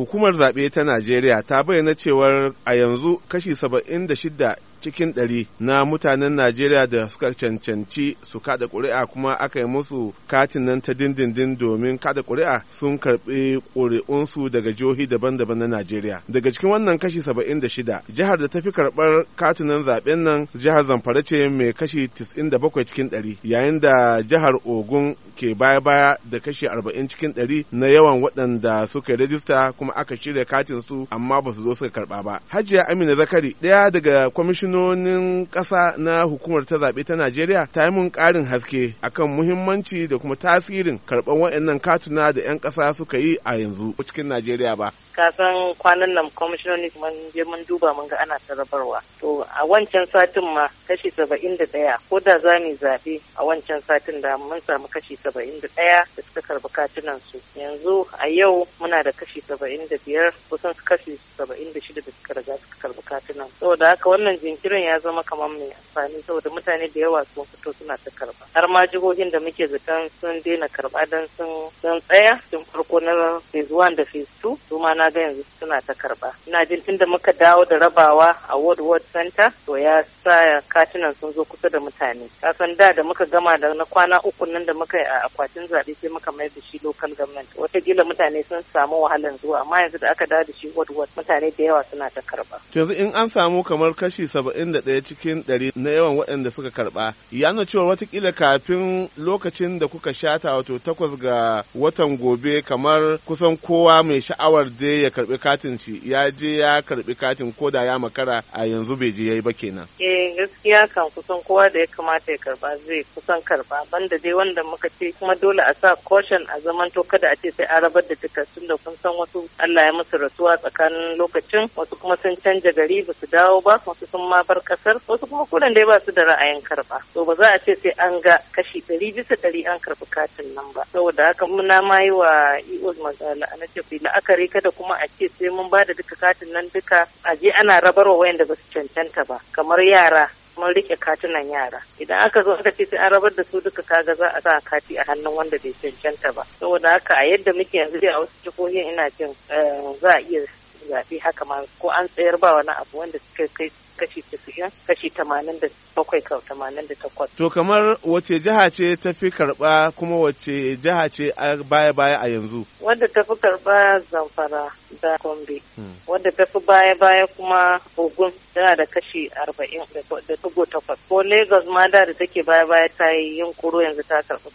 Hukumar zaɓe ta Najeriya ta bayyana cewar a yanzu kashi saba'in da 76 cikin ɗari na mutanen Najeriya da suka cancanci su kada ƙuri'a kuma aka yi musu katin nan ta dindindin domin kada ƙuri'a sun karɓi ƙuri'unsu daga jihohi daban-daban na Najeriya. Daga cikin wannan kashi saba'in jihar da ta fi karɓar katunan zaɓen nan jihar Zamfara ce mai kashi da cikin ɗari, yayin da jihar Ogun ke baya-baya da kashi arba'in cikin ɗari na yawan waɗanda suka rajista kuma aka shirya katin su amma ba su zo suka karɓa ba. Hajiya Amina Zakari ɗaya daga kwamishin kwamishinonin ƙasa na hukumar ta zaɓe ta Najeriya ta yi mun ƙarin haske akan muhimmanci da kuma tasirin karɓar waɗannan katuna da 'yan ƙasa suka yi a yanzu cikin Najeriya ba. Ka san kwanan nan kwamishinoni mun je mun duba mun ga ana sarrafarwa. To a wancan satin ma kashi saba'in da ɗaya ko da za mu zaɓe a wancan satin da mun samu kashi saba'in da ɗaya da suka karɓi katunan su. Yanzu a yau muna da kashi saba'in da biyar kusan kashi saba'in da shida da suka riga suka karɓi katunan. Saboda haka wannan jin jiran ya zama kamar mai amfani saboda mutane da yawa sun fito suna ta karba har ma jihohin da muke zaton sun daina karba dan sun tsaya tun farko na phase one da phase two su ma na ga yanzu suna ta karba ina jin tunda muka dawo da rabawa a ward ward center to ya sa katinan sun zo kusa da mutane kasan da da muka gama da na kwana uku nan da muka yi a akwatin zaɓe sai muka mai da shi local government watakila mutane sun samu wahalan zuwa amma yanzu da aka dawo da shi ward ward mutane da yawa suna ta karba to yanzu in an samu kamar kashi saba'in 41 cikin 100 na yawan waɗanda suka karɓa. Ya nuna cewa watakila kafin lokacin da kuka shata wato takwas ga watan gobe kamar kusan kowa mai sha'awar da ya karɓi katin shi ya je ya karɓi katin ko da ya makara a yanzu bai je ya yi ba kenan. Eh gaskiya kan kusan kowa da ya kamata ya karɓa zai kusan karɓa banda dai wanda muka ce kuma dole a sa caution a to kada a ce sai a rabar da takardun da kun san wasu Allah ya musu rasuwa tsakanin lokacin wasu kuma sun canja gari ba su dawo ba wasu sun ma farkasar kasar wasu kuma kuɗin dai ba su da ra'ayin karɓa to ba za a ce sai an ga kashi ɗari bisa ɗari an karɓi katin nan ba saboda haka muna ma yi wa EOS magana na ce fi la'akari kada kuma a ce sai mun bada da duka katin nan duka a je ana rabarwa wayanda ba su cancanta ba kamar yara mun rike katunan yara idan aka zo aka ce sai an rabar da su duka kaga za a sa kati a hannun wanda bai cancanta ba saboda haka a yadda muke yanzu a wasu jihohin ina jin eh, za a iya zafi haka ma ko an tsayar ba wani abu wanda suka kai kashi tasirin kashi tamanin da bakwai ka tamanin da takwas. To kamar wace jiha ce ta fi karɓa kuma wace jiha ce baya baya a yanzu? Wanda ta fi karɓa zamfara da kombe. Hmm. Wanda ta fi baya baya kuma Ogun tana da kashi arba'in da tugo takwas. Ko Lagos ma da da take baya baya ta yi yin kuro yanzu ta karɓi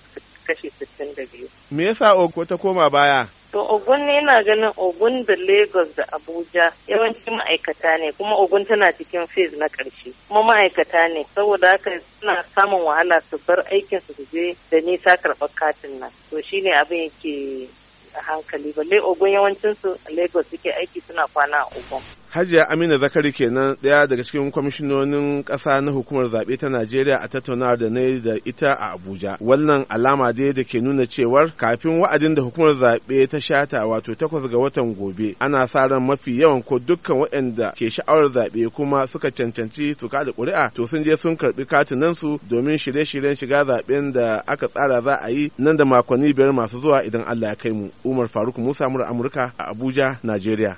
kashi sittin da biyu. Me yasa Ogun ta koma baya? To Ogun ne yana ganin Ogun da Lagos da Abuja yawanci ma'aikata ne kuma Ogun tana cikin phase na ƙarshe kuma ma'aikata ne saboda haka suna samun wahala su bar aikin su je da nisa karɓar katin nan to shi ne abin yake a hankali balle Ogun yawancin su Lagos suke aiki suna kwana a Ogun. Hajiya Amina Zakari kenan ɗaya daga cikin kwamishinonin ƙasa na hukumar zaɓe ta Najeriya a tattaunawar da na yi da ita a Abuja. Wannan alama dai da ke nuna cewar kafin wa'adin da hukumar zaɓe ta shata wato takwas ga watan gobe ana sa ran mafi yawan ko dukkan waɗanda ke sha'awar zaɓe kuma suka cancanci su kada ƙuri'a to sun je sun karɓi katinansu domin shirye-shiryen shiga zaɓen da aka tsara za a yi nan da makonni biyar masu zuwa idan Allah ya kai mu. Umar Faruk Musa Mura Amurka a Abuja, Najeriya.